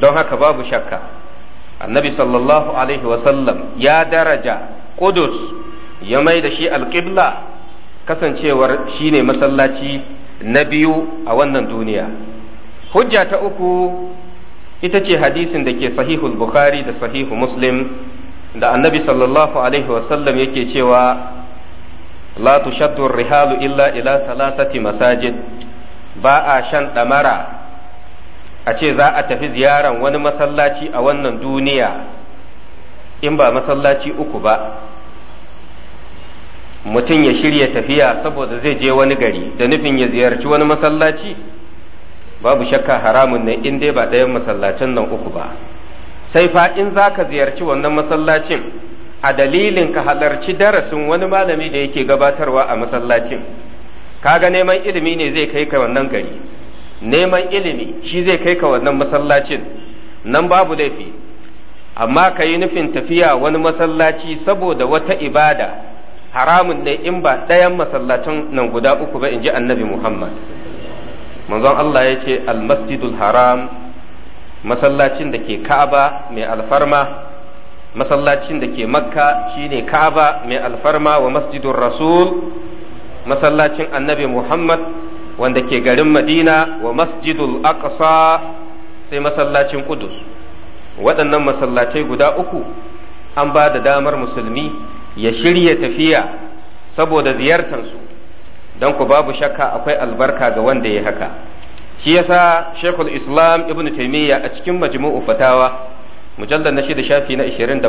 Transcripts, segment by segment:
don haka babu shakka annabi sallallahu alaihi wasallam ya daraja kudus ya mai da shi alƙibla kasancewar shi ne masallaci na biyu a wannan duniya hujja ta uku ita ce hadisin da ke sahihul bukhari da sahihu muslim da annabi sallallahu alaihi wasallam yake cewa la tushaddu rihalu illa ila talatati masajid ba a shan ɗamara a ce za a tafi ziyaran wani masallaci a wannan duniya in ba masallaci uku ba mutum ya shirya tafiya saboda zai je wani gari da nufin ya ziyarci wani masallaci babu shakka haramun ne in dai ba ɗayan masallacin nan uku ba sai fa in za ka ziyarci wannan masallacin a dalilin ka halarci darasin wani malami da yake gabatarwa a masallacin kaga neman ilimi ne zai kai ka wannan gari neman ilimi shi zai kai ka wannan masallacin nan babu laifi amma ka yi nufin tafiya wani masallaci saboda wata ibada haramun ne in ba ɗayan masallacin nan guda uku ba in ji annabi muhammad manzon allah ya ce almasjidul haram masallacin da ke ka'aba mai alfarma masallacin da ke makka shine ka'aba mai alfarma wa masjidun rasul masallacin annabi muhammad wanda ke garin madina wa masjidul aqsa sai masallacin kudus waɗannan masallacai guda uku an ba da damar musulmi ya shirya tafiya saboda ziyartar su don ku babu shakka akwai albarka ga wanda ya haka shi yasa shekul islam ibn taimiyya a cikin majmu'u fatawa mujallar na shida shafi na 27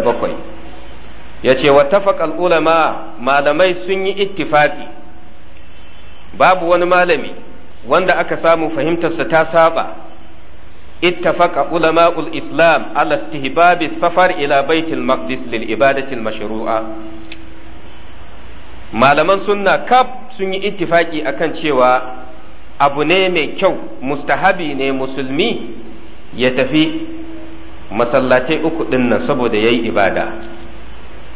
ya ce wa ulama malamai sun yi ittifaqi babu wani malami wanda aka samu fahimtarsa ta saba اتفق علماء الإسلام على safar ila إلى بيت lil ibadatil mashru'a malaman sunna Kab sun yi ittifaki akan cewa abu ne mai kyau mustahabi ne musulmi ya tafi masallatai uku dinnan saboda ya yi ibada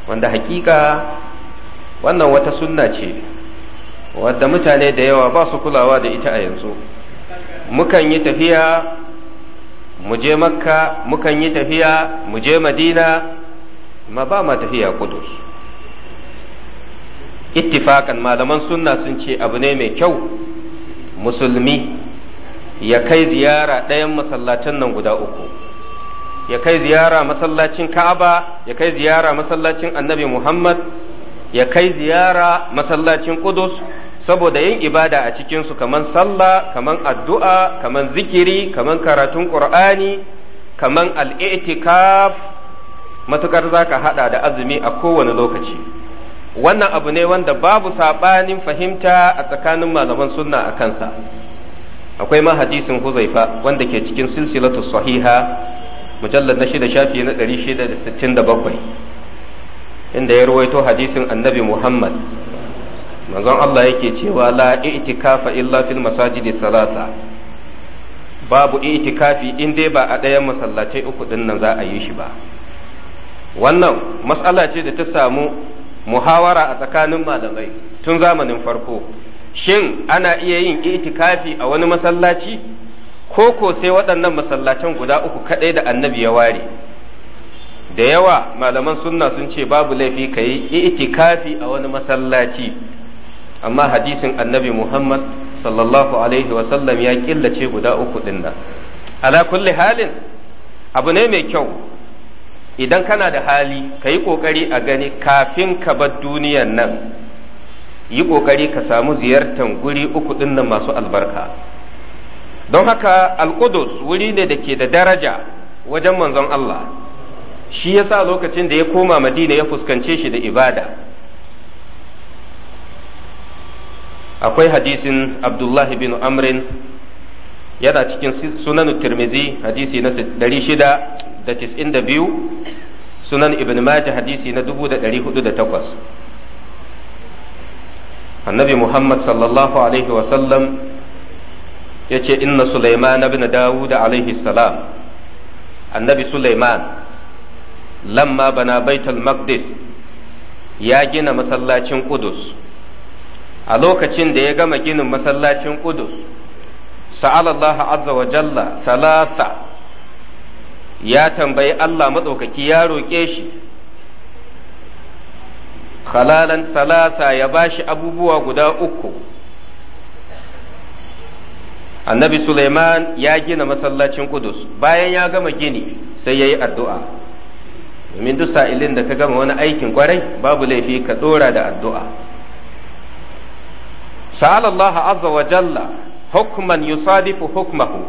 wanda hakika wannan wata sunna ce wadda mutane da yawa ba su kulawa da ita a yanzu mukan yi tafiya mu je makka mukan yi tafiya mu je madina ma ba ma tafiya kudus ittifakan malaman sunna sun ce abu ne mai kyau musulmi ya kai ziyara ɗayan masallacin nan guda uku ya kai ziyara masallacin ka'aba ya kai ziyara masallacin annabi muhammad ya kai ziyara masallacin kudus saboda yin ibada a cikinsu kaman sallah kaman addu'a kaman zikiri kaman karatun ƙur'ani kaman al'itikaf matukar za ka haɗa da azumi a kowane lokaci wannan abu ne wanda babu saɓanin fahimta a tsakanin malaman sunna a kansa akwai ma hadisin huzaifa wanda ke cikin silsilatu sahiha mujallar na shida shafi na 667 inda ya ruwaito hadisin annabi muhammad manzon Allah yake cewa la i'tikafa illa fil masajidi salasa babu i'tikafi in dai ba a ɗayan masallacai uku din nan za a yi shi ba wannan matsala ce da ta samu muhawara a tsakanin malamai tun zamanin farko shin ana iya yin i'tikafi a wani masallaci ko ko sai waɗannan masallacan guda uku kaɗai da annabi ya ware da yawa malaman sunna sun ce babu laifi ka yi i'tikafi a wani masallaci amma hadisin annabi muhammad sallallahu alaihi sallam ya killace guda uku din nan ala kulli halin abu ne mai kyau idan kana da hali ka yi ƙoƙari a gani kafin ka bar duniyan nan yi ƙoƙari ka samu ziyartar guri uku din nan masu albarka don haka alƙudus wuri ne da ke da daraja wajen manzon Allah shi yasa lokacin da ya koma madina ya fuskance shi da ibada akwai hadisin abdullahi bin amrin yana cikin sunan tirmizi hadisi na 692 sunan ibn Maji hadisi na 1408 annabi muhammad sallallahu alaihi wasallam ya ce inna sulaiman bin dawud alaihi salam annabi Suleiman lamma bana baitul maqdis ya gina masallacin kudus a lokacin da ya gama ginin masallacin Qudus sa'alallahu azza wa jalla talata ya tambayi Allah matsaukaki ya roƙe shi khalalan salasa ya ba shi abubuwa guda uku annabi Suleiman ya gina masallacin Qudus bayan ya gama gini sai ya yi addu'a domin duk sa'ilin da ka gama wani aikin kwarai babu laifi ka ɗora da addu'a sa'ala Allah azza wa jalla hukman yusadifu hukmahu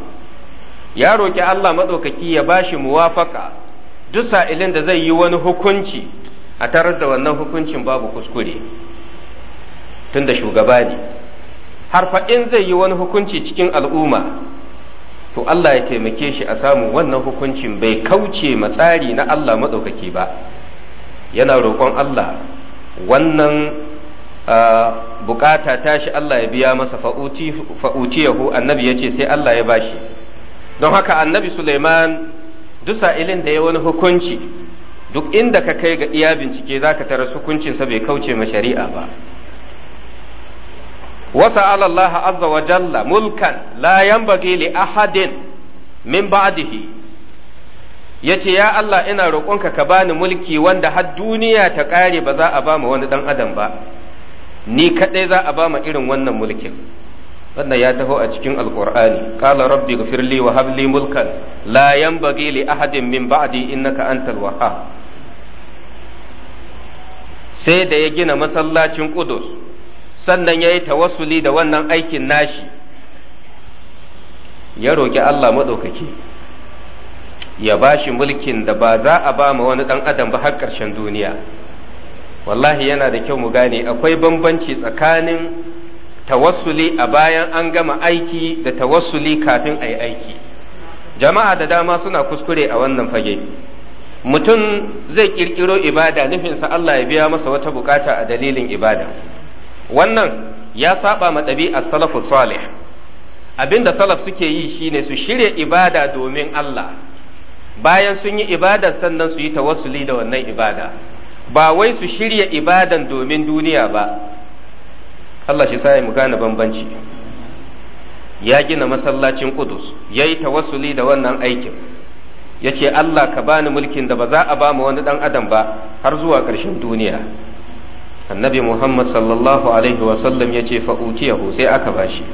ya roki Allah madaukaki ya ba shi muwafaka duk sa'ilin da zai yi wani hukunci a tarar da wannan hukuncin babu kuskure tunda shugaba ne har fa zai yi wani hukunci cikin al'umma to Allah ya taimake shi a samu wannan hukuncin bai kauce ma tsari na Allah maɗaukaki ba yana roƙon Allah wannan bukata tashi Allah ya biya masa yahu annabi ya ce sai Allah ya bashi don haka annabi Suleiman duk sa'ilin da ya wani hukunci duk inda ka kai ga iya bincike za ka taras hukuncinsa bai kauce ma shari'a ba wasa Allah azza wa jalla mulkan la yanbaghi li ahadin min ba'dihi yace ya Allah ina roƙonka ka bani mulki wanda har duniya ta ƙare ba za a ba mu wani dan adam ba ni kadai za a ba ma irin wannan mulkin wannan ya taho a cikin alqur'ani qala rabbi ighfir li wa hab mulkan la yanbaghi li ahadin min ba'di innaka antal wahhab sai da ya gina masallacin qudus sannan yayi tawassuli da wannan aikin nashi ya roki Allah madaukaki ya bashi mulkin da ba za a ba wani dan adam ba har ƙarshen duniya wallahi yana da kyau mu gane akwai bambanci tsakanin tawassuli a bayan an gama aiki da tawassuli kafin a yi aiki jama'a da dama suna kuskure a wannan fage mutum zai kirkiro ibada nufinsa Allah ya biya masa wata bukata a dalilin ibada wannan ya saba ma ɗabi'ar salafu salih abinda salaf suke yi shine su shirya ibada domin Allah bayan sun yi ibada sannan su yi tawassuli da wannan ibada ba wai su shirya ibadan domin duniya ba Allah shi sai mu gane bambanci ya gina masallacin ƙudus, ya yi tawassuli da wannan aikin ya ce Allah ka bani mulkin da ba za a ba mu wani ɗan adam ba har zuwa ƙarshen duniya annabi Muhammad sallallahu alaihi wasallam ya ce fa'utiyahu sai aka bashi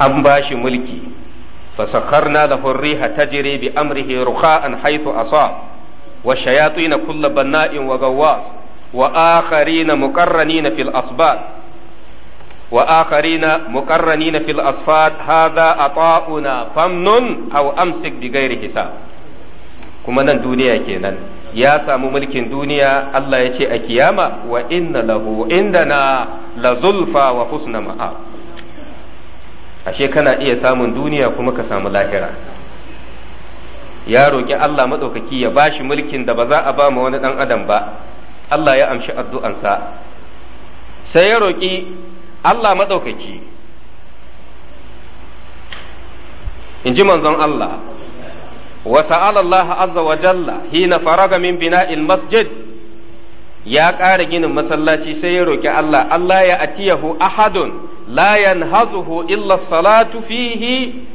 an ba shi mulki fasakharna lahu riha tajri bi amrihi rukha'an haythu asab wa shayatin kulla banna'in wa gawwas wa akharina muqarranina fil asbat wa akharina muqarranina fil asfat hadha ata'una famnun aw amsik bi ghairi kuma nan duniya kenan ya samu mulkin duniya Allah ya ce a kiyama wa inna lahu la zulfa wa husna ma'a ashe kana iya samun duniya kuma ka samu lahira ya roƙi Allah maɗaukaki ya ba shi mulkin da ba za a ba ma wani ɗan adam ba Allah ya amshi addu'ansa sai ya roƙi Allah maɗaukaki in ji manzon Allah wa sa'ala Allah azza wa jalla hina faraga min bina'il masjid ya ƙara ginin masallaci sai ya roƙi Allah Allah ya atiyahu ahadun la yanhazuhu illa salatu fihi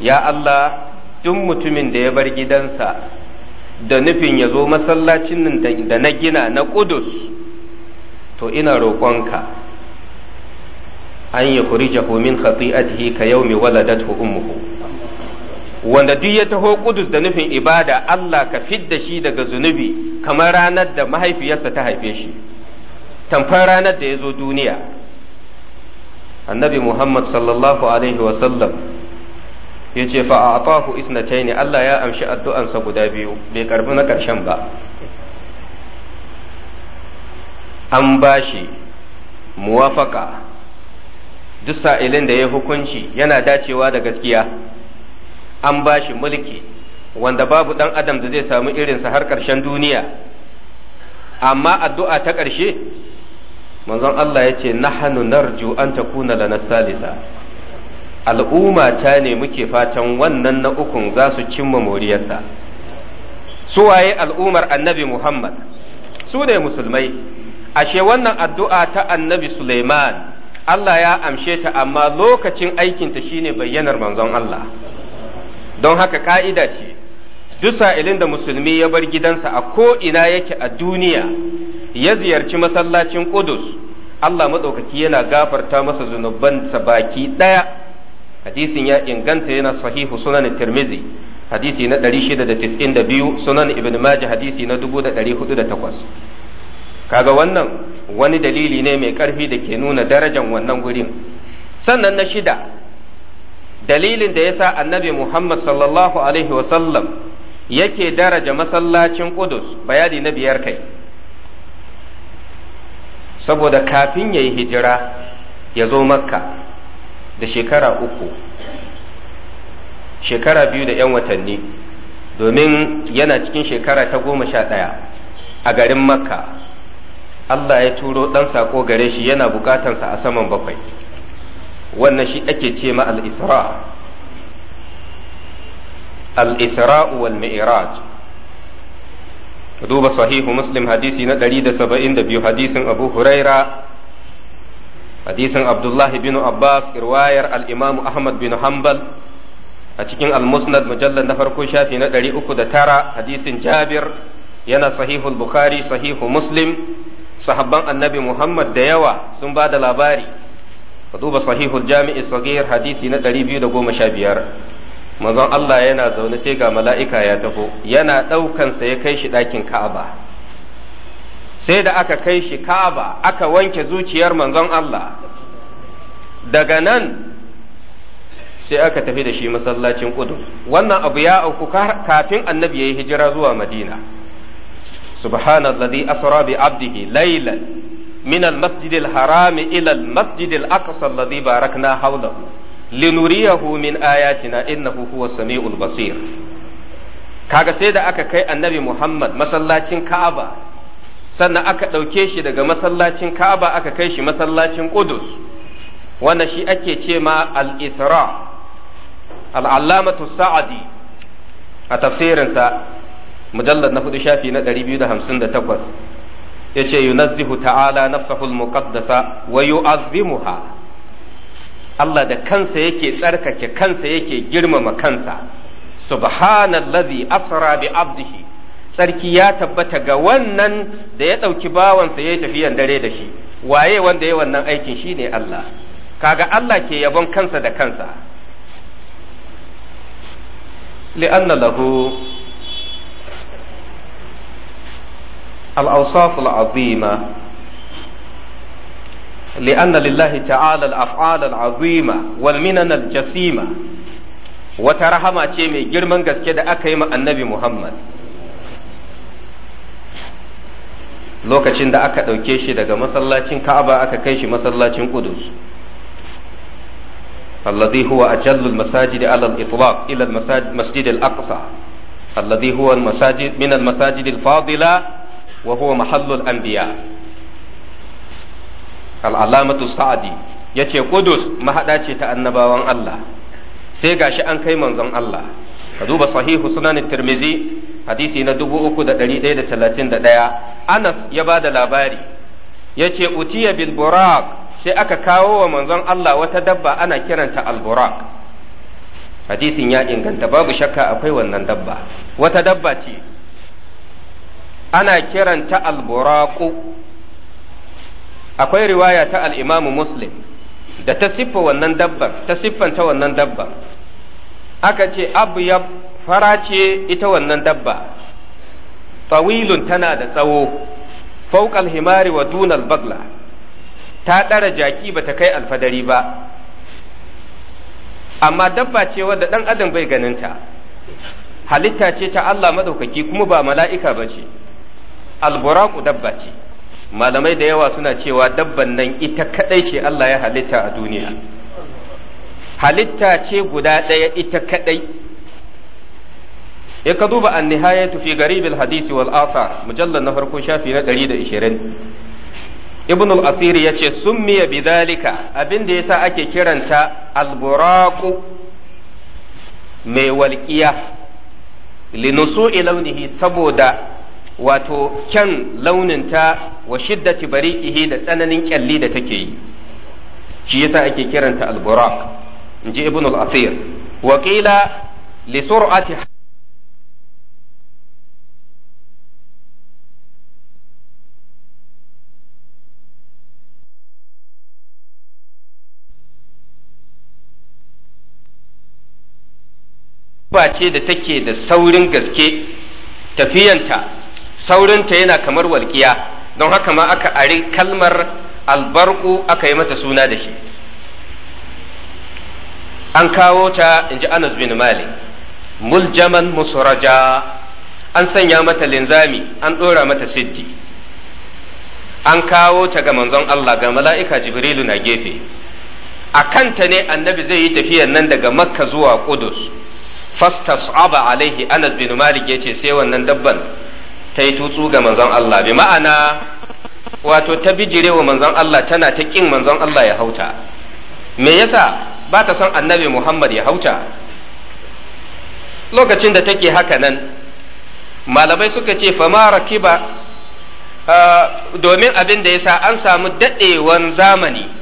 ya Allah duk mutumin da ya bar gidansa da nufin ya zo masallacin nan da na gina na ƙudus to ina roƙonka an yi kurijahu min khati'atihi ka yaumi waladatu ummuhu wanda duk ya taho ƙudus da nufin ibada Allah ka fidda shi daga zunubi kamar ranar da mahaifiyarsa ta haife shi tamfar ranar da ya zo duniya annabi muhammad sallallahu alaihi wasallam ya ce fa a'tahu ne Allah ya amshi addu'ansa guda biyu bai karbi na karshen ba an bashi muwafaka duk sa'ilin da ya hukunci yana dacewa da gaskiya an bashi mulki wanda babu dan adam da zai samu irinsa har ƙarshen duniya amma addu'a ta ƙarshe manzon Allah ya ce nahanu narju an takuna lana salisa al'umma ne muke fatan wannan na ukun za su cimma moriyarsa su waye al'ummar annabi muhammad su ne musulmai ashe wannan addu'a ta annabi suleiman allah ya amshe ta amma lokacin aikinta shine bayyanar manzon allah don haka ka'ida ce duk sa'ilin da musulmi ya bar gidansa a ko'ina yake a duniya ya ziyarci masallacin ƙudus allah maɗaukaki yana gafarta masa zunubansa baki ɗaya hadisin ya inganta yana sahihu sunan tirmizi hadisi na 692 sunan ibn majah hadisi na 1408 kaga wannan wani dalili ne mai karfi da ke nuna darajan wannan gurin sannan na shida dalilin da yasa annabi muhammad sallallahu alaihi wasallam yake daraja masallacin kudus bayani na biyar kai saboda kafin yayi hijira ya zo makka da shekara uku shekara biyu da 'yan watanni domin yana cikin shekara ta goma sha ɗaya a garin makka allah ya turo ɗan saƙo gare shi yana bukatansa a saman bakwai wannan shi ake ce ma al-isra al-isra wal mi'raj duba sahihu muslim hadisi na 172 hadisin abu huraira hadisin abdullahi bin abbas riwayar al-imam ahmad bin hanbal a cikin al-musnad na farko shafi na da tara hadisin jabir yana sahihul bukhari sahihu muslim sahabban annabi muhammad da yawa sun ba da labari ka duba sahihul jami'in sagir hadisi na ɗari biyu da goma sha biyar manzon Allah yana zaune sai ga mala'ika ya taho yana ɗaukansa ya kai shi ɗakin ka'aba sai da aka kai shi ka'aba aka wanke zuciyar manzon Allah daga nan sai aka tafi da shi masallacin Qudus wannan abu ya auku kafin annabi ya yi hijira zuwa Madina subhanallazi asra bi Minal Masjidil, Harami, Ilal, Masjidil, ila almasjid alaqsa alladhi barakna hawlahu linuriyahu min ayatina innahu huwa samiul basir kaga sai da aka kai annabi Muhammad masallacin Ka'aba sannan aka ɗauke shi daga masallacin Ka'aba aka kai shi masallacin ƙudus. wannan shi ake ce ma al-Isra al Sa'adi a tafsirinsa mujallar na hudu shafi na 258 yace yunazzihu ta'ala nafsahu al-muqaddasa wa yu'azzimuha Allah da kansa yake tsarkake kansa yake girmama kansa subhanallazi asra bi abdihi Sarki ya tabbata ga wannan da ya ɗauki bawansa ya yi tafiyan dare da shi waye wanda ya wannan aikin shi ne Allah kaga Allah ke yabon kansa da kansa li'anna lahu الأوصاف العظيمة لأن لله تعالى الأفعال العظيمة والمنن الجسيمة وترحمة gaske da جرمان قد أكيم النبي محمد lokacin da aka ɗauke shi daga masallacin ka'aba aka kai shi masallacin Kudus, alladhi huwa ajallul masajidi ala al-itlaq ila al-masjid al-aqsa alladhi huwa al-masajid min al-masajid al-fadila wa huwa mahallu al-anbiya al-alamatu sa'adi yace ƙudus mahada ce ta annabawan Allah sai gashi an kai manzon Allah ka duba sahihu sunan tirmizi hadisi na dubu uku da da da talatin 3131 Anas ya ba da labari yace utiya bil buraq sai aka kawo wa manzon Allah wata dabba ana kiranta al buraq hadisin ya inganta babu shakka akwai wannan dabba wata dabba ce ana kiranta al buraqu akwai riwaya ta al imamu muslim da ta siffa wannan dabban ta siffanta wannan dabban aka ce abyab fara ce ita wannan dabba tawilun tana da tsawo fauƙal himari wa dunal bagla ta ɗara jaki ba ta kai alfadari ba amma dabba ce wadda ɗan adam bai ganinta halitta ce ta Allah maɗaukaki kuma ba mala'ika ba ce alburaku dabba ce malamai da yawa suna cewa dabban nan ita kaɗai ce Allah ya halitta a duniya halitta ce guda ɗaya ita kaɗai ya ka duba an nihayatu fi garibil hadisi wal athar mujallar na farko shafi na 120 ibn al-asir sun miya bidhalika abin da sa ake kiranta al-buraqu mai walqiya linusu'i launihi saboda wato kyan launinta wa shiddati bari'ihi da tsananin kyalli da take yi shi yasa ake kiranta al in inji ibn al wa qila li sur'ati ba ce da take da saurin gaske tafiyanta saurinta yana kamar walƙiya don haka ma aka ari kalmar albarku aka yi mata suna da shi an kawo ta in ji anas bin mali muljaman musuraja an sanya mata linzami an ɗora mata siddi an kawo ta ga manzon Allah ga mala'ika jibrilu na gefe a kanta ne annabi zai yi tafiyan nan daga makka zuwa Kudus. fastas'aba alaihi Anas bin Malik yace sai wannan dabban ta yi tutsu ga manzon Allah bi ma'ana wato ta bijirewa manzon Allah tana ta kin manzon Allah ya hauta me yasa ba ta son annabi Muhammad ya hauta lokacin da take haka nan malamai suka ce fama rakiba uh, domin abin da yasa an samu daɗewan zamani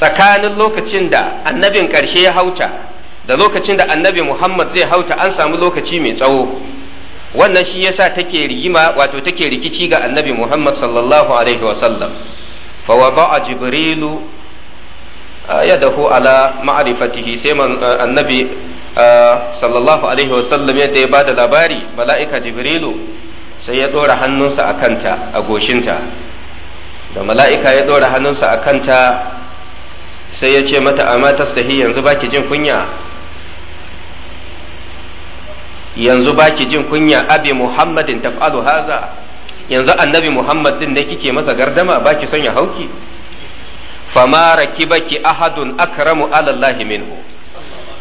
tsakanin lokacin da annabin ƙarshe ya hauta da lokacin da annabi Muhammad zai hauta an samu lokaci mai tsawo wannan shi yasa take rigima wato take rikici ga annabi Muhammad sallallahu alaihi sallam. fa wada'a jibrilu ah, yadahu ala ma'rifatihi sai ah, annabi ah, sallallahu alaihi wa yadda ya bada labari mala'ika jibrilu sai ya dora hannunsa a kanta a goshinta da mala'ika ya dora hannunsa a kanta sai ya ce mata amma tastahi yanzu baki jin kunya yanzu baki jin kunya abi muhammadin taf'alu haza yanzu annabi muhammad din kike masa gardama baki son ya hauki fama rakibaki ahadun akramu ala minhu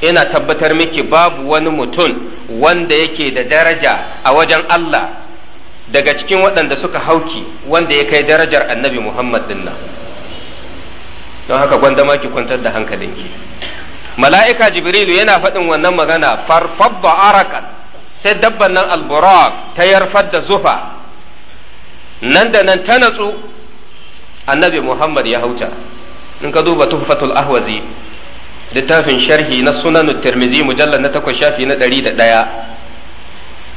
ina tabbatar miki babu wani mutum wanda yake da daraja a wajen Allah daga cikin waɗanda suka hauki wanda ya kai darajar annabi Muhammad nan don haka gwandama ki kwantar da hankalinki mala'ika jibrilu yana faɗin wannan magana farfabba arakan sai dabban nan alburak ta yarfar da zufa nan da nan ta natsu annabi muhammad ya hauta in ka duba tuhfatul ahwazi littafin sharhi na sunan tirmizi mujallar na takwas shafi na ɗari da ɗaya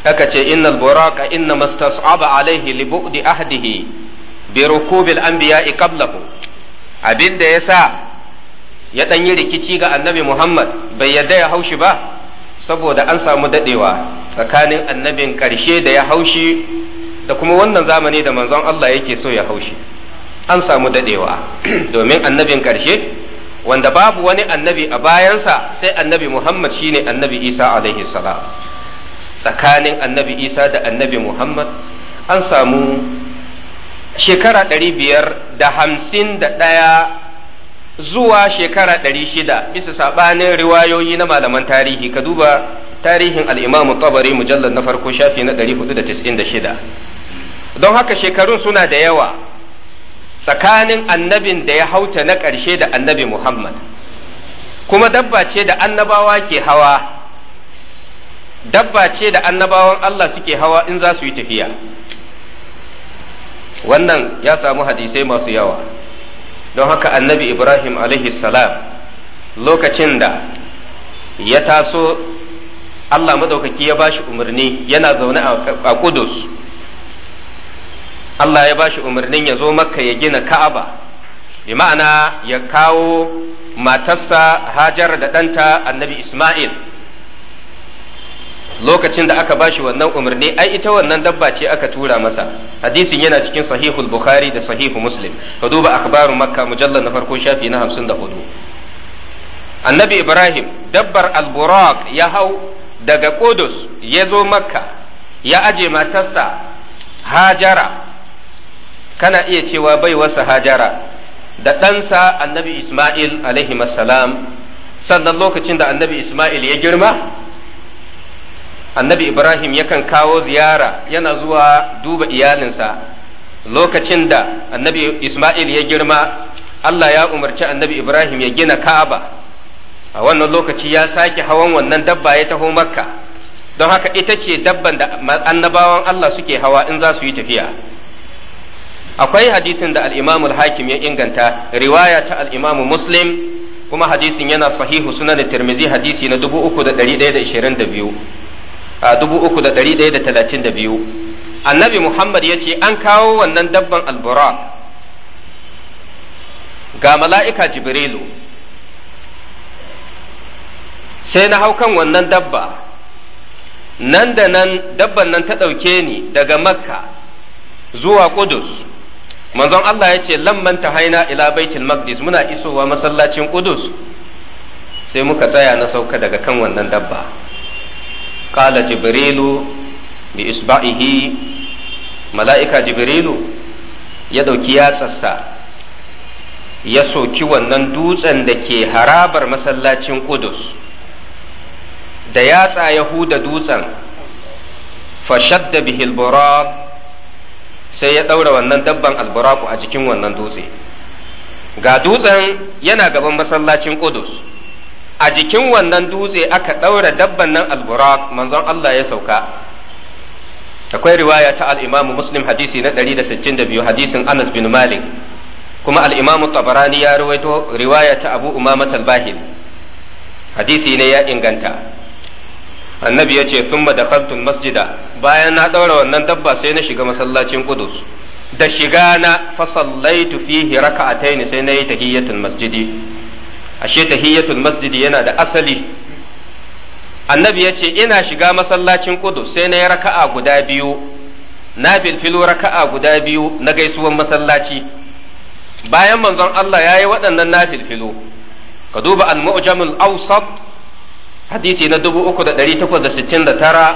aka ce innal buraka inna mastas'aba alaihi li bu'di ahdihi bi rukubil anbiya'i qablahu abin da ya sa ya ɗan yi rikici ga annabi Muhammad bai yarda ya haushi ba saboda an samu daɗewa tsakanin annabin ƙarshe da ya haushi da kuma wannan zamani da manzon Allah yake so ya haushi an samu daɗewa domin annabin ƙarshe wanda babu wani annabi a bayansa sai annabi Muhammad shine annabi Isa alaihi salam tsakanin annabi Isa da annabi Muhammad an samu shekara ɗari biyar da hamsin da ɗaya zuwa shekara ɗari shida bisa saɓanin riwayoyi na malaman tarihi ka duba tarihin al'imamu tabari mujallar na farko shafi na ɗari hudu da tis'in da shida don haka shekarun suna da yawa tsakanin annabin da ya hauta na ƙarshe da annabi muhammad kuma dabba ce da annabawa ke hawa dabba ce da annabawan allah suke hawa in za su yi tafiya wannan ya samu hadisai masu yawa don haka annabi ibrahim salam lokacin da ya taso allah madaukaki ya bashi umarni yana zaune a kudus allah ya bashi umarnin ya zo makka ya gina ka'aba bi ma'ana ya kawo matarsa hajar da ɗanta annabi isma'il lokacin da aka bashi wannan umarni ai ita wannan dabba ce aka tura masa hadisin yana cikin sahihul bukhari da sahihu muslim ka duba akhbaru makka mujallal na farko shafi na 54 annabi ibrahim dabbar alburaq ya hau daga kudus ya zo makka ya aje matarsa hajara kana iya cewa bai wasa hajara da ɗansa annabi isma'il alaihi salam sannan lokacin da annabi isma'il ya girma annabi ibrahim yakan kawo ziyara yana zuwa duba iyalinsa lokacin da annabi isma'il ya girma allah ya umarci annabi ibrahim ya gina ka'aba a wannan lokaci ya sake hawan wannan dabba ya taho makka don haka ita ce dabban da annabawan allah suke hawa in za su yi tafiya akwai hadisin da al'imamu hakim ya inganta riwaya ta al'imamu muslim kuma hadisin yana sahihu sunan da tirmizi hadisi na 3122 A da talatin biyu annabi muhammad ya ce an kawo wannan dabban albura ga mala'ika jibrilu sai na hau kan wannan dabba nan da nan dabban nan ta ɗauke ni daga makka zuwa ƙudus manzon Allah ya ce lamman ta haina ila baitul maqdis muna isowa masallacin ƙudus sai muka tsaya na sauka daga kan wannan dabba Kala jibrilu bi isba'ihi mala'ika jibrilu ya dauki yatsarsa ya soki wannan dutsen da ke harabar masallacin Kudus da yatsa Yahuda dutsen fashadda bihil buraq sai ya ɗaura wannan dabban alburaku a jikin wannan dutse ga dutsen yana gaban masallacin Kudus a jikin wannan dutse aka ɗaura dabban nan alburak manzon Allah ya sauka akwai riwaya ta al'imamu imam Muslim hadisi na 162 hadisin Anas bin Malik kuma al'imamu Tabarani ya rawaito riwaya ta Abu Umama al hadisi ne ya inganta annabi ya ce thumma dakhaltul masjida bayan na ɗaura wannan dabba sai na shiga masallacin Qudus da shiga na fa sallaitu fihi raka'atayn sai na yi tahiyatul masjidi ashe tahiyyatul masjidi yana da asali annabi ya ce ina shiga masallacin Kudu sai na yi raka'a guda biyu na filfilo raka'a guda biyu na gaisuwan masallaci bayan manzon Allah ya yi waɗannan na filfilo ka duba al-mu'jamul awsat hadisi na 3869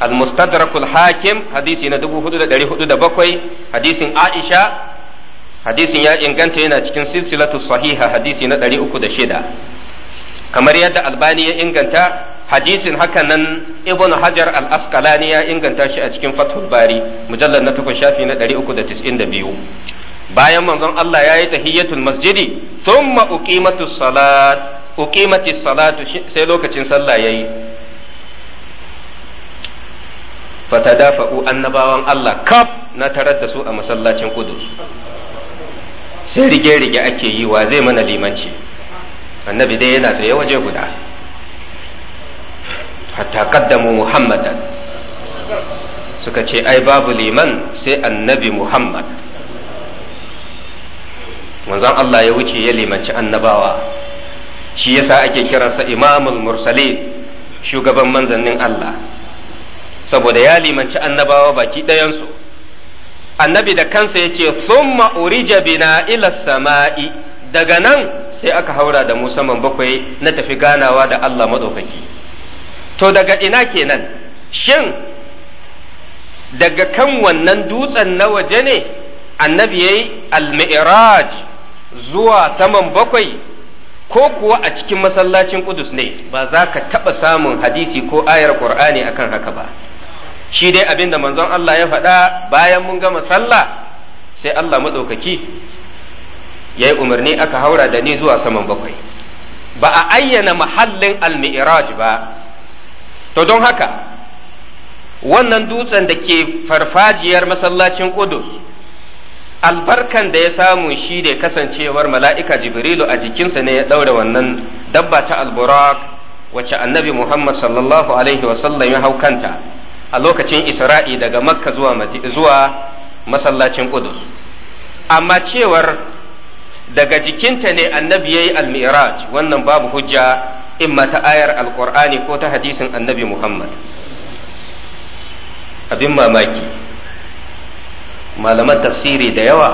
al-mustadrakul hakim hadisi na 4407 hadisin Aisha hadisin ya inganta yana cikin silsilatu sahiha hadisi na 306 kamar yadda albani ya inganta hadisin haka nan ibn hajar al-asqalani ya inganta shi a cikin fathul bari mujallar na takwas shafi na 392 bayan manzon Allah ya yi tahiyyatul masjidi thumma uqimatus salat uqimatis salatu sai lokacin sallah yayi fatadafa'u annabawan Allah kaf na tarar da su a masallacin kudus. sai rige-rige ake yi wa zai mana limanci annabi dai yana tsaye waje guda hatta kaddamu muhammadan suka ce ai babu liman sai annabi muhammad manzon Allah ya wuce ya limanci annabawa shi yasa ake kiransa imamul mursalin shugaban manzannin Allah saboda ya limanci annabawa baki ɗayansu annabi da kansa ya ce sun urija bina ila sama'i daga nan sai aka haura da mu saman bakwai na tafi ganawa da Allah maɗaukaki to daga ina kenan shin daga kan wannan dutsen na waje ne annabi ya yi al zuwa saman bakwai ko kuwa a cikin masallacin kudus ne ba za ka taɓa samun hadisi ko ayar ƙur'ani akan haka ba shi dai abin da manzon Allah ya faɗa bayan mun gama sallah sai Allah maɗaukaki ya yi umarni aka haura da ni zuwa saman bakwai ba a ayyana mahallin almi'iraj ba to don haka wannan dutsen da ke farfajiyar masallacin Qudus albarkan da ya samu shi ne kasancewar mala'ika jibrilu a jikinsa ne ya ɗaura wannan dabba ta alburak wacce annabi muhammad sallallahu alaihi wasallam ya hau kanta a lokacin isra'i daga makka zuwa masallacin ƙudus amma cewar daga jikinta ne annabi ya yi almiraj wannan babu hujja in ta ayar alƙur'ani ko ta hadisin annabi muhammad abin mamaki malaman tafsiri da yawa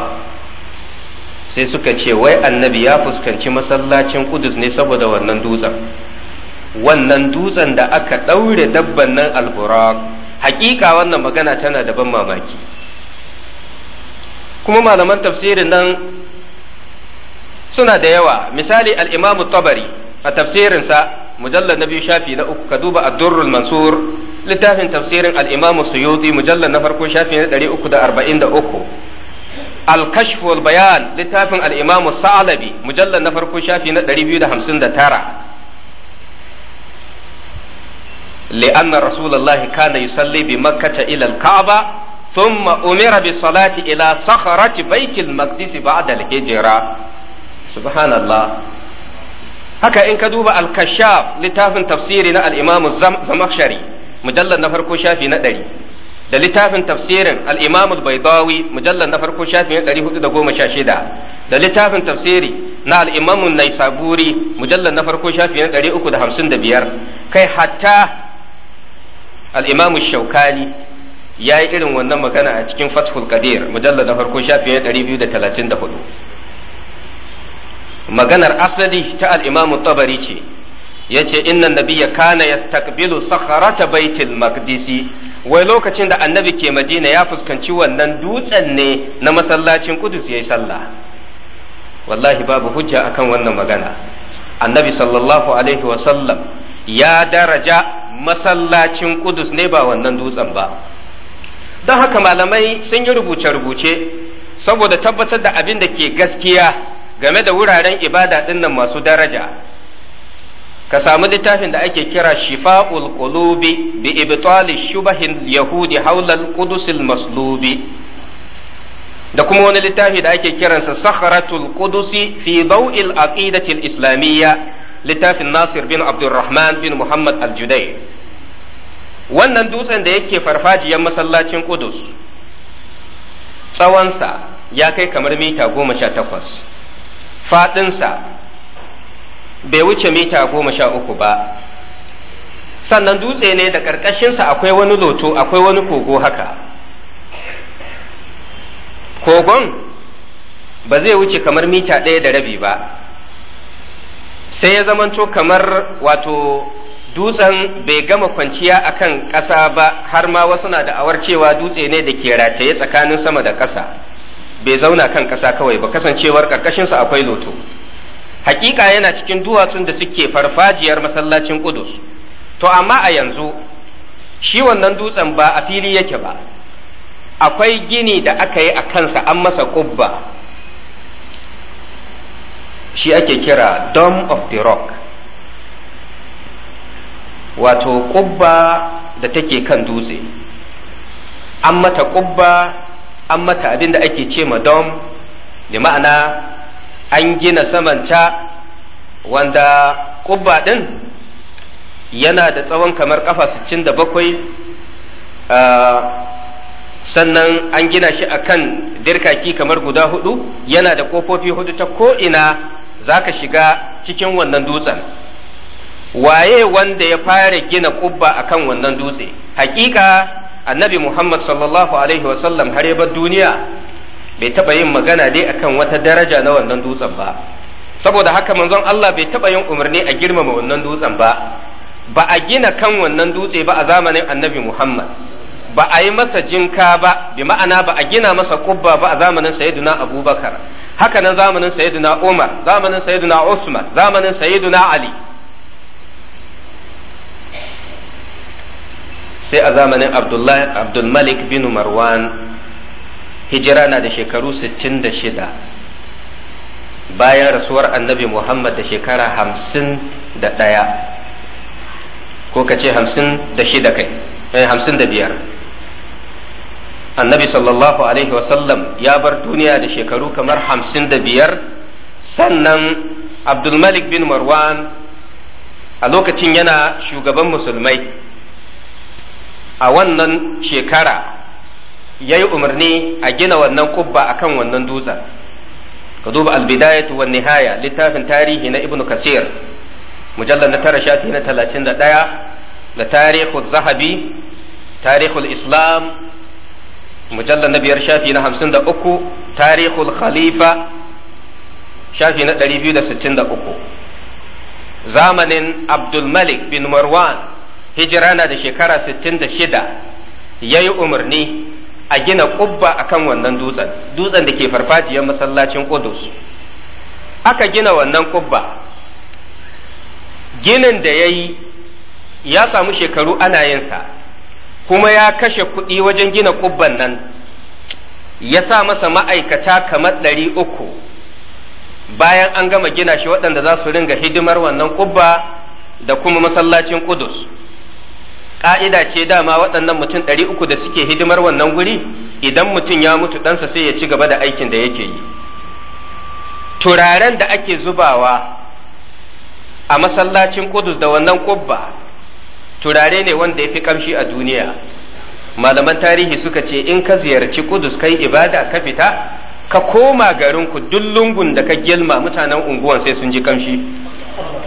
sai suka ce wai annabi ya fuskanci masallacin kudus ne saboda wannan dutsen wannan dutsen da aka ɗaure dabban nan alburak hakika wannan magana tana da ban mamaki kuma malaman tafsirin nan suna da yawa misali al'imamu tabari a tafsirinsa mujallar na biyu shafi na uku ka duba addurrul mansur littafin tafsirin al'imamu suyuti mujallar na farko shafi na ɗari uku da arba'in da uku sa'alabi mujallar na الإمام shafi na نفر biyu da hamsin da tara. لأن رسول الله كان يصلي بمكة إلى الكعبة ثم أمر بالصلاة إلى صخرة بيت المقدس بعد الهجرة سبحان الله haka in ka duba al-kashaf littafin tafsiri na al-imam zamakhshari mujallal na farko shafi na ɗari da littafin tafsirin al-imam al-baydawi mujallal na farko shafi na ɗari hudu da goma sha shida da littafin tafsiri na al-imam naisaburi mujallal na farko shafi na ɗari uku da hamsin da biyar kai hatta al-imam shaukani ya yi irin wannan magana a cikin fathul qadir mujallad na farko shafi 234 maganar asali ta al-imam ce yace inna nabiyya kana yastakbilu sakharata baitul maqdisi wai lokacin da annabi ke madina ya fuskanci wannan dutsen ne na masallacin kudus yayi sallah wallahi babu hujja akan wannan magana annabi sallallahu alaihi sallam ya daraja masallacin Kudus ne ba wannan dutsen ba don haka malamai sun yi rubuce-rubuce saboda tabbatar da abin da ke gaskiya game da wuraren ibada ɗinnan masu daraja ka samu littafin da ake kira shifa'ul qulubi bi ibtali shubahin yahudi haulal kudusil maslubi da kuma wani littafi da ake kiransa sakharatul kudusi fi bau'il aqidatil islamiyya littafin Nasir bin Abdulrahman bin Muhammad aljudai wannan dutsen da yake farfajiyar masallacin ƙudus tsawonsa ya kai kamar mita goma sha takwas faɗinsa bai wuce mita goma sha uku ba sannan dutse ne da ƙarƙashinsa akwai wani loto akwai wani kogo haka kogon ba zai wuce kamar mita ɗaya da rabi ba sai ya zamanto kamar wato dutsen bai gama kwanciya a kan ƙasa ba har ma wasu na da'awar cewa dutse ne da ke rataye tsakanin sama da ƙasa bai zauna kan ƙasa kawai ba kasancewar ƙarƙashinsa akwai loto hakika yana cikin duwatsun da suke farfajiyar masallacin ƙudus to amma a yanzu shi wannan dutsen ba a fili yake ba akwai gini da aka yi a kansa an masa ƙubba shi ake kira dome of the rock wato ƙubba da take kan dutse an mata ƙubba an mata abin da ake ce ma dom da ma'ana an gina samanta wanda ƙubba ɗin yana da tsawon kamar ƙafa 67 sannan an gina shi a kan dirkaki kamar guda hudu yana da kofofi hudu ta ko'ina za ka shiga cikin wannan dutsen waye wanda ya fara gina kubba kan wannan dutse hakika annabi muhammad sallallahu alaihi wasallam har bar duniya bai taba yin magana dai akan wata daraja na wannan dutsen ba saboda haka manzon allah bai taba yin umarni a girmama wannan dutsen ba ba a gina kan wannan dutse ba a zamanin annabi muhammad ba a yi masa jinka ba bi ma'ana ba a gina masa kubba ba a zamanin sayyiduna abubakar haka nan zamanin sayyiduna umar zamanin sayyiduna usman zamanin sayyiduna ali sai a zamanin abdulmalik bin marwan hijira na da shekaru 66 bayan rasuwar annabi muhammad da shekara 51 ko ka ce 56 kai 55 eh, annabi sallallahu alaihi wasallam ya bar duniya da shekaru kamar hamsin da biyar sannan abdulmalik bin marwan a lokacin yana shugaban musulmai a wannan shekara ya yi umarni a gina wannan kubba akan wannan dutsen ka duba albidayatu wan nihaya littafin tarihi na ibnu kasir mujallar na tara shafi na talatin da ɗaya da tarihu zahabi tarihul islam mujallar na biyar shafi na hamsin da uku tarihul khalifa shafi na ɗari biyu da sittin da uku zamanin abdulmalik bin marwan hijira na da shekara sittin da shida ya yi umarni a gina ƙubba a kan wannan dutsen dutsen da ke farfajiyar masallacin ƙudus aka gina wannan ƙubba ginin da ya yi ya samu shekaru ana yinsa kuma ya kashe kuɗi wajen gina ƙubban nan ya sa masa ma'aikata kamar ɗari uku bayan an gama gina shi waɗanda za su ringa hidimar wannan ƙubba da kuma masallacin ƙudus ƙa'ida ce dama waɗannan mutum ɗari uku da suke hidimar wannan guri idan mutum ya mutu ɗansa sai ya ci gaba da aikin da yake yi turaren da ake zubawa a masallacin ƙudus da wannan ƙubba turare ne wanda ya fi kamshi a duniya malaman tarihi suka ce in ka ziyarci kudus kai ibada ka fita ka koma garin ku duk lungun da ka gilma mutanen unguwan sai sun ji kamshi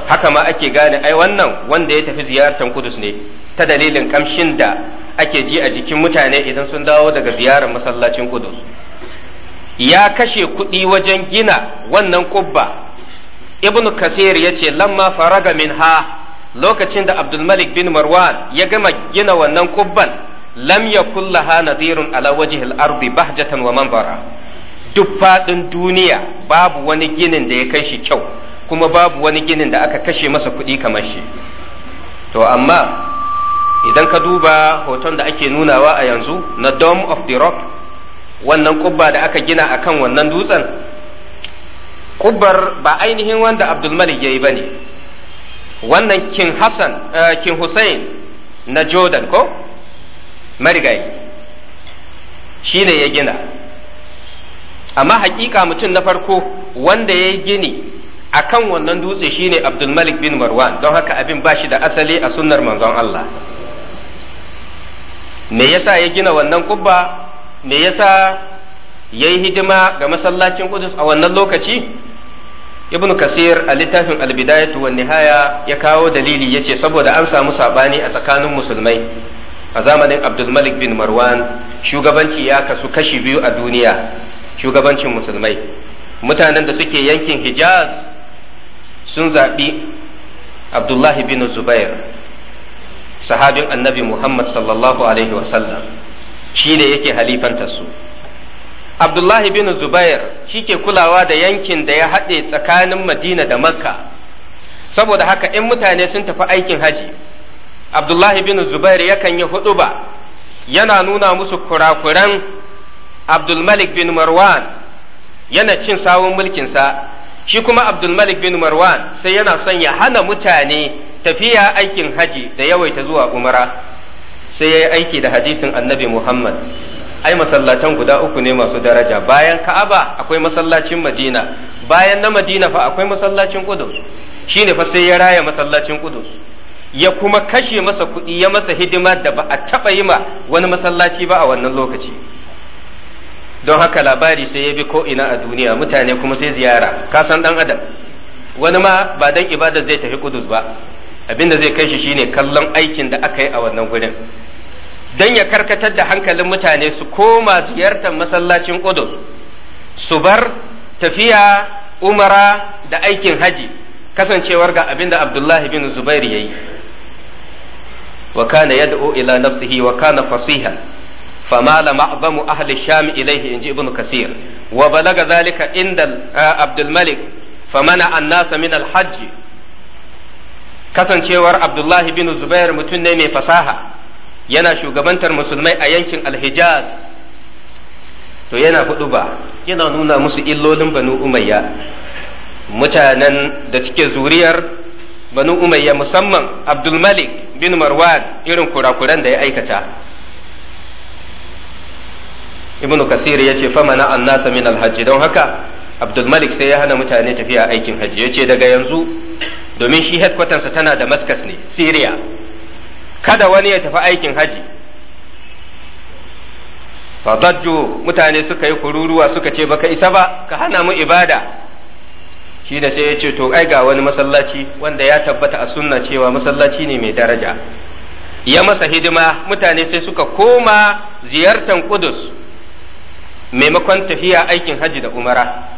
haka ma ake gane ai wannan wanda ya tafi ziyartar kudus ne ta dalilin kamshin da ake ji a jikin mutane idan sun dawo daga ziyarar masallacin kudus ya kashe kuɗi wajen gina wannan kubba ibnu kasir ya ce lamma faraga min ha lokacin da abdulmalik bin marwan ya gama gina wannan kubban lam yakul laha nadirun ala al ardi bahjatan wa manbara duk faɗin duniya babu wani ginin da ya kai shi kyau kuma babu wani ginin da aka kashe masa kuɗi kamar shi to amma idan ka duba hoton da ake nunawa a yanzu na dome of the rock wannan kubba da aka gina akan wannan dutsen kubbar ba ainihin wanda abdulmalik ya yi ba ne wannan Kin hassan eh, Kin hussein na jordan ko marigayi shi ne ya gina amma hakika mutum na farko wanda ya gini a kan wannan dutse shi ne abdulmalik bin marwan don haka abin ba shi da asali a sunnar manzon Allah me yasa ya gina wannan kubba me yasa ya yi hidima ga masallacin kudus a wannan lokaci ibnu kasir a littafin albidayatu wan nihaya ya kawo dalili yace saboda an samu sabani a tsakanin musulmai a zamanin Abdulmalik bin marwan shugabanci ya kasu kashi biyu a duniya shugabancin musulmai mutanen da suke yankin hijaz sun zaɓi abdullahi bin zubair sahabin annabi muhammad sallallahu alaihi wasallam shi ne yake halifantar su abdullahi bin zubair shi ke kulawa da yankin da ya haɗe tsakanin madina da makka saboda haka in mutane sun tafi aikin haji abdullahi bin zubair yakan yi huɗuba yana nuna musu kurakuran abdulmalik bin marwan yana cin sawun mulkinsa shi kuma abdulmalik bin marwan sai yana son ya hana mutane tafiya aikin haji da yawaita zuwa umara sai ya yi aiki da hadisin annabi muhammad ai masallatan guda uku ne masu daraja bayan ka'aba akwai masallacin madina bayan na madina fa akwai masallacin kudus shine fa sai ya raya masallacin kudus ya kuma kashe masa kuɗi ya masa hidima da ba a taɓa yi ma wani masallaci ba a wannan lokaci don haka labari sai ya bi ko ina a duniya mutane kuma sai ziyara ka san dan adam wani ma ba dan ibada zai tafi kudus ba abinda zai kai shi shine kallon aikin da aka yi a wannan gurin don ya karkatar da hankalin mutane su koma ziyartar masallacin Qudus su bar tafiya umara da aikin haji kasancewar ga abinda Abdullahi bin Zubair yayi wa kana yad'u ila nafsihi wa kana fasiha فمال معظم أهل الشام إليه Kasir. Wa balaga zalika inda عند عبد الملك فمنع الناس من الحج kasancewar abdullahi bin zubair mutum ne mai fasaha yana shugabantar musulmai a yankin alhijaz to yana hudu ba yana nuna musu illolin banu umayya mutanen da suke zuriyar banu umayya musamman abdulmalik bin marwan irin kurakuran da ya aikata ibnu kasir ya ce famana annasa min alhaji don haka abdulmalik sai ya hana mutane tafiya aikin hajji ya ce daga yanzu domin shi headquarters tana damascus ne syria kada wani ya tafi aikin haji fadajju mutane suka yi kururuwa suka ce baka isa ba ka hana mu ibada shi da sai ya ce to ai ga wani masallaci wanda ya tabbata a sunna cewa masallaci ne mai daraja ya masa hidima mutane sai suka koma ziyartan kudus maimakon tafiya aikin haji da umara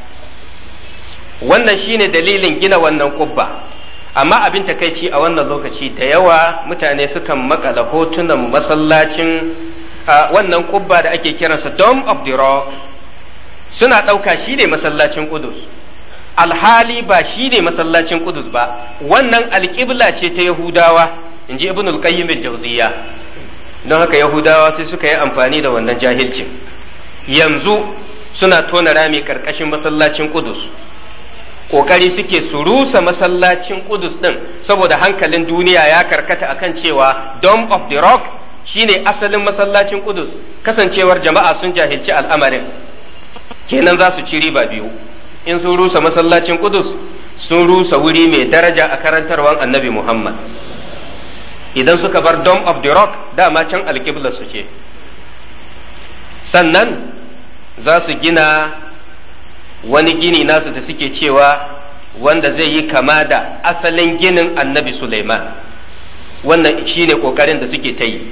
wannan shine dalilin gina wannan kubba amma abin takaici a wannan lokaci da yawa mutane sukan makala hotunan masallacin wannan kubba da ake kiransa dome of the rock suna ɗauka shi ne masallacin kudus alhali ba shi ne masallacin kudus ba wannan alƙibla ce ta yahudawa in ji ibn al-qayyim al don haka yahudawa sai suka yi amfani da wannan jahilcin yanzu suna tona rami ƙarƙashin masallacin kudus kokari suke su rusa masallacin Kudus din saboda hankalin duniya ya karkata akan cewa Dome of the Rock shine asalin masallacin Kudus kasancewar jama'a sun jahilci al'amarin kenan za su ci riba biyu in sun rusa masallacin Kudus sun rusa wuri mai daraja a karantarwan Annabi Muhammad idan suka bar Dome of the Rock dama can alkiblar su ce sannan za su gina wani gini nasu da suke cewa wanda zai yi kama da asalin ginin annabi Suleiman, wannan shine ƙoƙarin da suke ta yi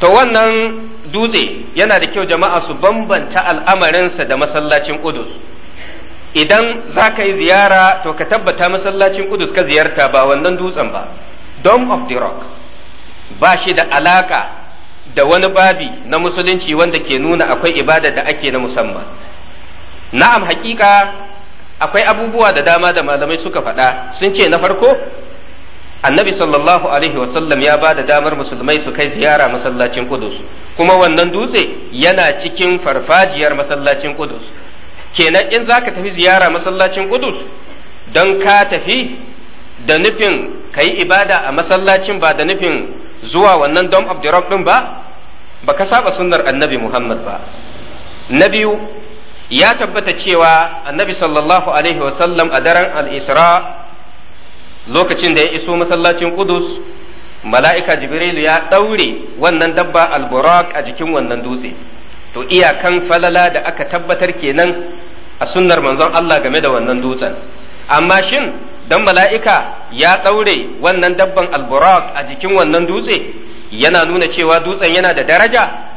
to wannan dutse yana da kyau jama'a su bambanta al'amarinsa da masallacin Qudus idan za ka yi ziyara to ka tabbata masallacin Qudus ka ziyarta ba wannan dutsen ba Dome of the Rock ba shi da alaka da wani babi na musulunci wanda ke nuna akwai ibada da ake na musamman na'am haƙiƙa akwai abubuwa da dama da malamai suka faɗa sun ce na farko annabi sallallahu alaihi wasallam ya ba da damar musulmai su kai ziyara masallacin kudus kuma wannan dutse yana cikin farfajiyar masallacin kudus kenan in za ka tafi ziyara masallacin kudus don ka tafi da nufin ka yi ibada a masallacin ba da nufin zuwa wannan dom of the ba ba ka saba sunnar annabi muhammad ba na biyu ya tabbata cewa annabi sallallahu alaihi wasallam a daren al'isra lokacin da ya iso masallacin kudus mala'ika jibrilu ya ɗaure wannan dabba alburak a jikin wannan dutse to iyakan falala da aka tabbatar kenan a sunnar manzon Allah game da wannan dutsen amma shin dan mala'ika ya ɗaure wannan dabban alburak a jikin wannan dutse yana nuna cewa dutsen yana da daraja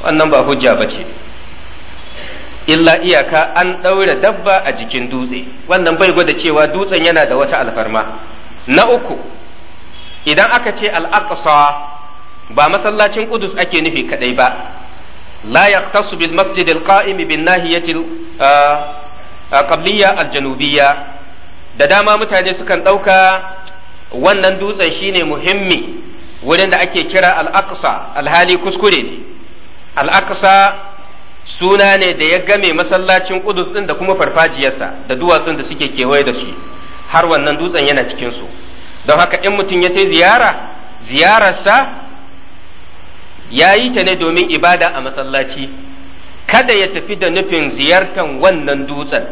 wannan ba hujja ba ce illa iyaka an ɗaure dabba a jikin dutse wannan bai gwada cewa dutsen yana da wata alfarma na uku idan aka ce al'aqsa ba masallacin kudus ake nufi kadai ba la yaqtasu bil masjid al qa'im bin nahiyati ah, ah, qabliya al janubiyya da dama mutane sukan ɗauka wannan dutsen shine muhimmi wurin da ake kira al'aqsa, alhali kuskure ne Al'aƙasa suna ne da ya game masallacin ƙudus ɗin da kuma farfajiyarsa da duwatsun da suke kewaye da shi har wannan dutsen yana cikinsu don haka in mutum ya ta ziyara ziyararsa ya yi ta ne domin ibada a masallaci kada ya tafi da nufin ziyartar wannan dutsen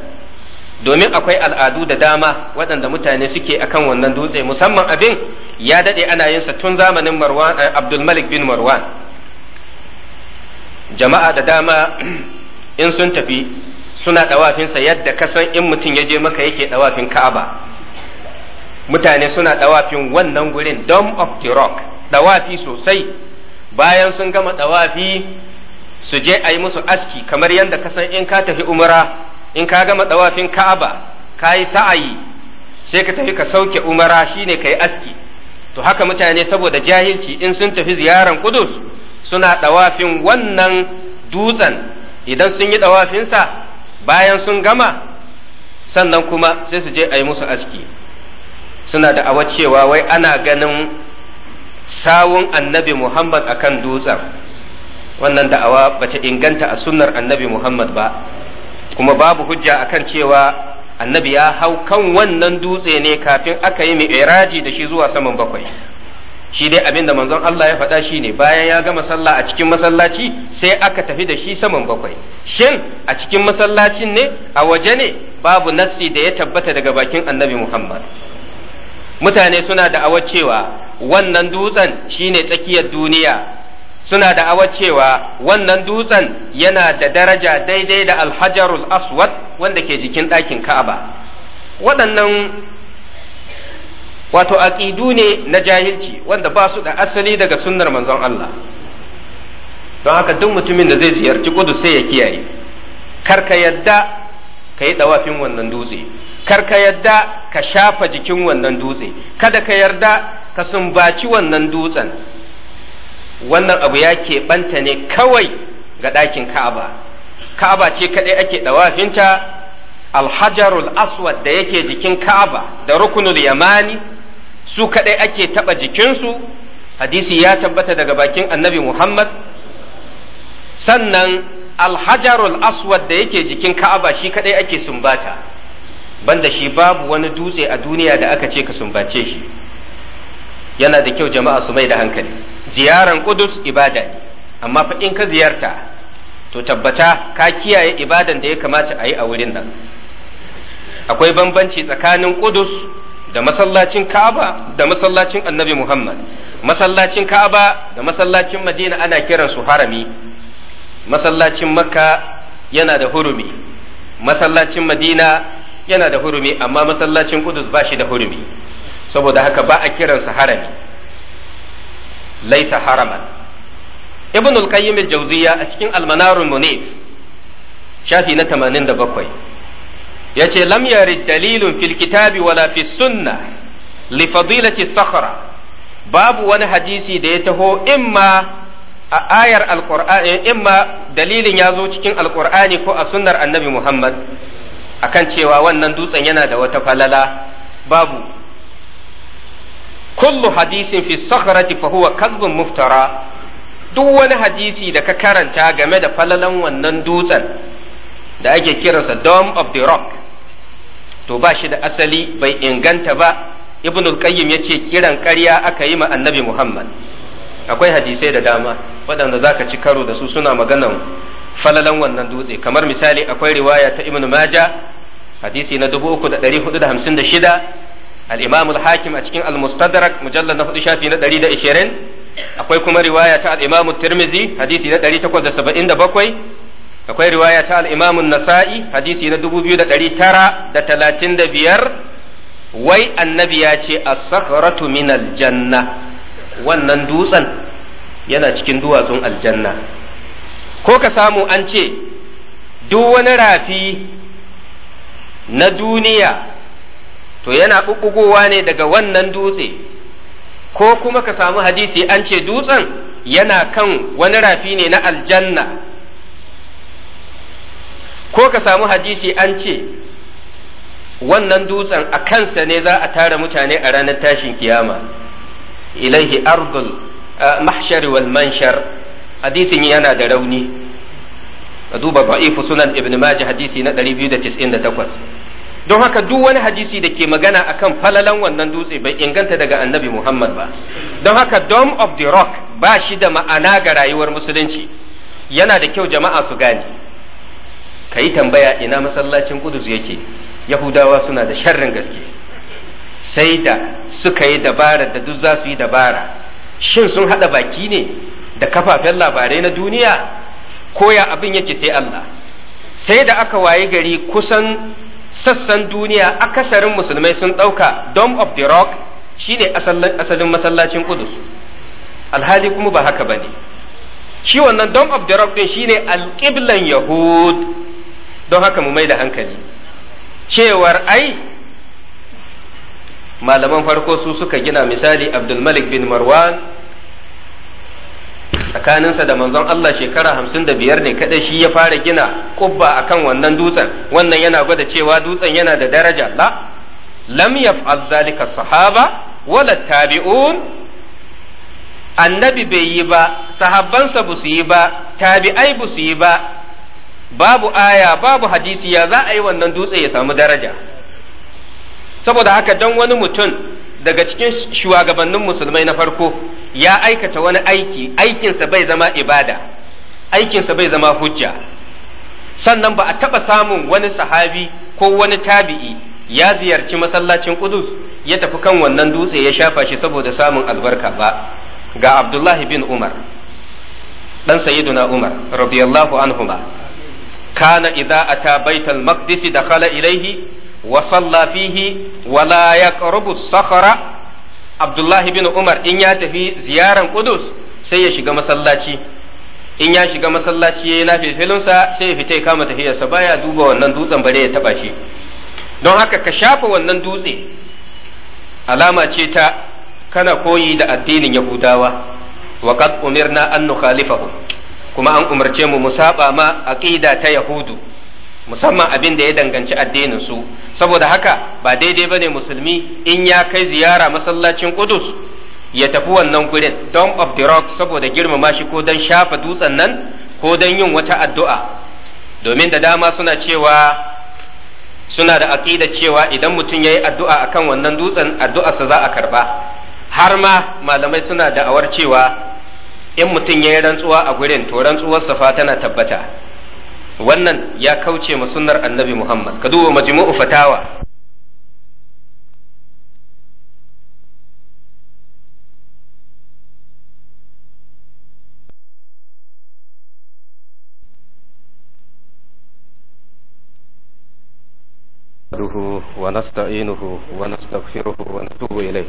domin akwai al'adu da dama waɗanda mutane suke akan wannan dutse musamman abin ya daɗe ana yinsa tun zamanin eh, abdulmalik bin marwan jama'a da dama in sun tafi suna ɗawafinsa yadda kasan in mutum ya je maka yake ɗawafin ka'aba mutane suna ɗawafin wannan gurin dome of the rock ɗawafi sosai bayan sun gama ɗawafi su je a yi musu aski kamar yadda kasan in ka tafi umara in ka gama ɗawafin ka'aba ka yi sa'ayi sai ka tafi ka sauke umara shine ka yi aski to haka mutane saboda jahilci in sun tafi ziyaran kudus suna ɗawafin wannan dutsen idan sun yi ɗawafinsa bayan sun gama sannan kuma sai su je a yi musu aski suna da awa cewa wai ana ganin sawun annabi muhammad akan dutsen wannan da'awa bata inganta a sunnar annabi muhammad ba kuma babu hujja akan cewa annabi ya hau kan wannan dutse ne kafin aka yi mai da shi zuwa saman bakwai shi dai abin da manzon Allah ya faɗa shi ne bayan ya gama sallah a cikin masallaci sai aka tafi da shi saman bakwai shin a cikin masallacin ne a waje ne babu nassi da ya tabbata daga bakin annabi Muhammad mutane suna da awar cewa wannan dutsen shine tsakiyar duniya suna da awar cewa wannan dutsen yana da daraja daidai da alhajarul aswad wanda ke jikin ɗakin ka'aba waɗannan wato aqidu ne na jahilci wanda ba su da asali daga sunnar manzon Allah don haka duk mutumin da zai ziyarci kudu sai ya kiyaye kar ka yadda ka yi dawafin wannan dutse kar ka yarda ka shafa jikin wannan dutse kada ka yarda ka sumbaci wannan dutsen wannan abu ya keɓanta ne kawai ga ɗakin ka'aba ka'aba ce kaɗai ake ɗawafinta الحجر aswad da yake jikin ka'aba da rukunul yamani su kadai ake taba jikinsu hadisi ya tabbata daga bakin annabi muhammad sannan alhajarul aswad da yake jikin ka'aba shi kadai ake sumbata banda shi babu wani dutse a duniya da aka ce ka sumbace shi yana da kyau jama'a su mai da hankali ziyaran ƙudus ibada ne amma fa in ka ziyarta to tabbata ka kiyaye ibadan da ya kamata a yi a wurin nan akwai bambanci tsakanin Kudus da masallacin Ka'aba da masallacin Annabi Muhammad masallacin Ka'aba da masallacin Madina ana kiransu harami masallacin Makka yana da hurumi masallacin Madina yana da hurumi amma masallacin Kudus ba shi da hurumi saboda haka ba a kiransa harami laisa haraman ibn al-qayyim al-jawziya a cikin al-manarul munif shafi na 87 yace lam dalilin dalilun fil kitabi wala fi sunna li fadilati sakhra babu wani hadisi da ya taho imma a ayar alqur'ani imma dalilin ya zo cikin alqur'ani ko a sunnar annabi Muhammad akan cewa wannan dutsen yana da wata falala babu kullu hadisin fi sakhrati fa huwa kazbun muftara duk wani hadisi da ka karanta game da falalan wannan dutsen da ake kiransa dome of the rock to ba shi da asali bai inganta ba ibnul qayyim yace kiran ƙarya aka yi ma annabi muhammad akwai hadisai da dama waɗanda zaka ci karo da su suna maganan falalan wannan dutse kamar misali akwai riwaya ta Ibn maja hadisi na 3456 الإمام الحاكم أتكين المستدرك مجلد نفط شافي ندري دا إشيرين أقوي كما رواية الإمام الترمذي حديث ندري تقول دا سبعين دا بقوي akwai riwaya ta al'imamun nasai hadisi na da da da tara talatin biyar. wai annabi ya ce as-sakhratu min aljanna. wannan dutsen yana cikin duwatsun aljanna ko ka samu an ce duk wani rafi na duniya to yana ɓuɓɓugowa ne daga wannan dutse ko kuma ka samu hadisi an ce dutsen yana kan wani rafi ne na aljanna ko ka samu hadisi an ce wannan dutsen a kansa ne za a tara mutane a ranar tashin kiyama ilaihi ardul eh, mahshar wal manshar hadisin yana da rauni a duba ba'ifu sunan ibn majah hadisi na 298 don haka duk wani hadisi da ke magana akan falalan wannan dutse bai inganta daga annabi Muhammad ba don haka dome of the rock ba shi da ma'ana ga rayuwar musulunci yana da kyau jama'a su gane ka yi tambaya ina masallacin kudus yake yahudawa suna da sharrin gaske sai da suka yi dabara da duk za su yi dabara shin sun haɗa baki ne da kafafen labarai na duniya koya abin yake sai Allah sai da aka wayi gari kusan sassan duniya akasarin musulmai sun ɗauka dome of the rock shine asalin masallacin kudus alhali kuma ba haka ba ne shi wannan dome of the rock ɗin shine alƙiblan yahud don haka mu mai da hankali cewar ai malaman farko su suka gina misali abdulmalik bin marwan tsakaninsa da manzon Allah shekara hamsin da biyar ne kada shi ya fara gina kubba akan wannan dutsen wannan yana gwada cewa dutsen yana da daraja la lam yaf'al zalika sahaba wala tabi'un annabi bai yi ba sahabbansa ba su yi ba tabi'ai ba su yi ba babu aya babu hadisi ya za a yi wannan dutse ya samu daraja saboda haka don wani mutum daga cikin shugabannin musulmai na farko ya aikata wani aiki aikinsa bai zama ibada aikinsa bai zama hujja sannan ba a taɓa samun wani sahabi ko wani tabi'i ya ziyarci masallacin kudus ya tafi kan wannan dutse ya shafa shi saboda samun albarka ba ga abdullahi bin umar ɗan sayyiduna umar radiyallahu anhuma kana a ata baital maqdis dakhala Ilaihi wa salla fihi wa la yaqrubu sakhara Abdullah bin Umar in ya tafi ziyaran Qudus sai ya shiga masallaci in ya shiga masallaci yayi nafilinsa sai ya fita ya kama tafiyarsa baya duba wannan dutsen bare ya taba shi don haka ka shafa wannan dutse alama ce ta kana koyi da addinin Yahudawa wa qad umirna an nukhalifahum kuma an umarce mu mu saba ma aqida ta yahudu musamman abin da ya danganci addinin su saboda haka ba daidai bane musulmi in ya kai ziyara masallacin Qudus ya tafi wannan gurin don of the rock saboda girmama shi ko don shafa dutsen nan ko don yin wata addu'a domin da dama suna cewa suna da aqida cewa idan mutum yayi addu'a akan wannan dutsen addu'arsa za a karba har ma malamai suna da'awar cewa in mutum ya yi rantsuwa a gurin to rantsuwar fa tana tabbata wannan ya kauce ma sunnar annabi muhammad ka duba majmu'u fatawa ونستعينه ونستغفره ونتوب إليه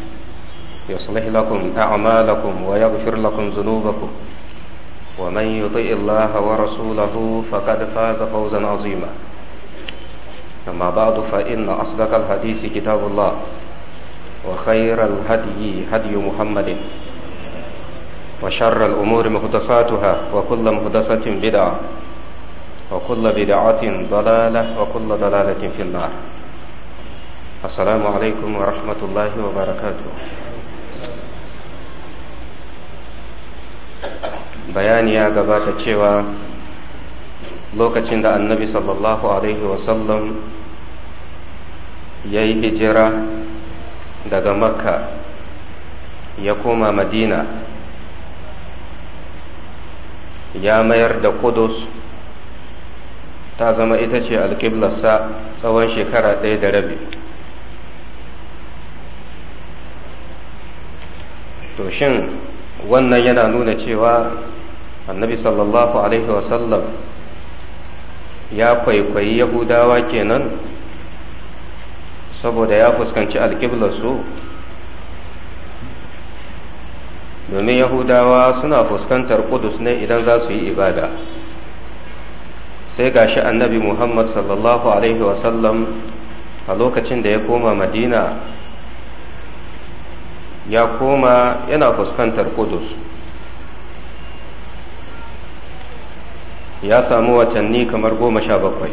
يصلح لكم أعمالكم ويغفر لكم ذنوبكم ومن يطيء الله ورسوله فقد فاز فوزا عظيما أما بعد فإن أصدق الحديث كتاب الله وخير الهدي هدي محمد وشر الأمور مقدساتها وكل مقدسة بدعة وكل بدعة ضلالة وكل ضلالة في النار السلام عليكم ورحمة الله وبركاته bayani ya gabata cewa lokacin da annabi sallallahu alaihi wasallam ya yi hijira daga makka ya koma madina ya mayar da kudus ta zama ita ce alƙiblarsa tsawon shekara ɗaya da rabi to shin wannan yana nuna cewa annabi sallallahu alaihi wasallam ya kwaikwayi yahudawa kenan saboda ya fuskanci su domin yahudawa suna fuskantar kudus ne idan za su yi ibada sai gashi annabi muhammad sallallahu alaihi wasallam a lokacin da ya koma madina ya koma yana fuskantar kudus ya samu watanni kamar goma sha bakwai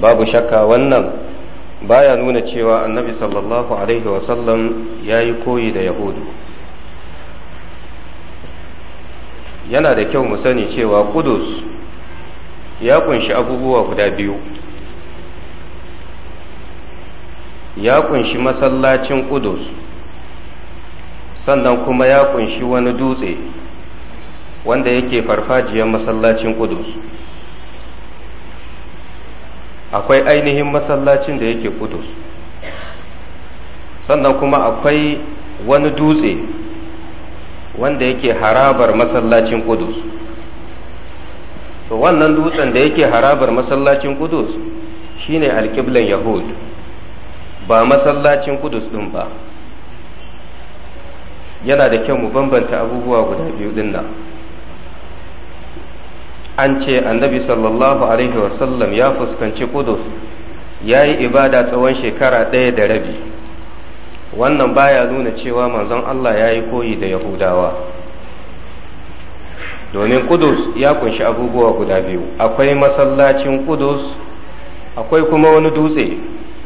babu shakka wannan baya nuna cewa annabi sallallahu alaihi wasallam ya yi koyi da yahudu yana da kyau mu sani cewa kudus ya kunshi abubuwa guda biyu ya kunshi masallacin kudus sannan kuma ya kunshi wani dutse wanda yake farfajiyar masallacin kudus akwai ainihin masallacin da yake kudus sannan kuma akwai wani dutse wanda yake harabar masallacin kudus to wannan dutsen da yake harabar masallacin kudus shine alkiblan yahud ba masallacin kudus din ba yana da kyau mu bambanta abubuwa guda biyu dinnan. nan an ce annabi sallallahu alaihi wasallam ya fuskanci kudus ya yi ibada tsawon shekara ɗaya da rabi wannan baya nuna cewa manzon Allah ya yi koyi da yahudawa domin kudus ya kunshi abubuwa guda biyu akwai masallacin kudus akwai kuma wani dutse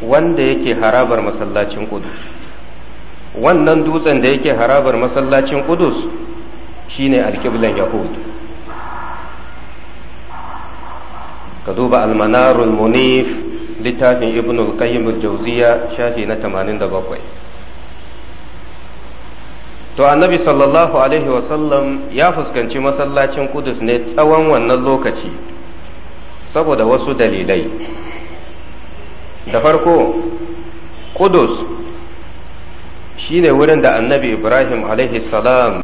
wanda yake harabar masallacin kudus wannan dutsen da yake harabar masallacin kudus shine alkiblan Yahud. ka duba almanarul munif littafin ibn al-qayyim al-jawziya shafi na 87 to annabi sallallahu alaihi wa sallam ya fuskanci masallacin kudus ne tsawon wannan lokaci saboda wasu dalilai da farko kudus shine wurin da annabi ibrahim alaihi salam